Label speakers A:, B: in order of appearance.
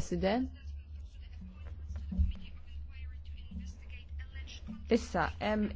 A: President. Issa, hemm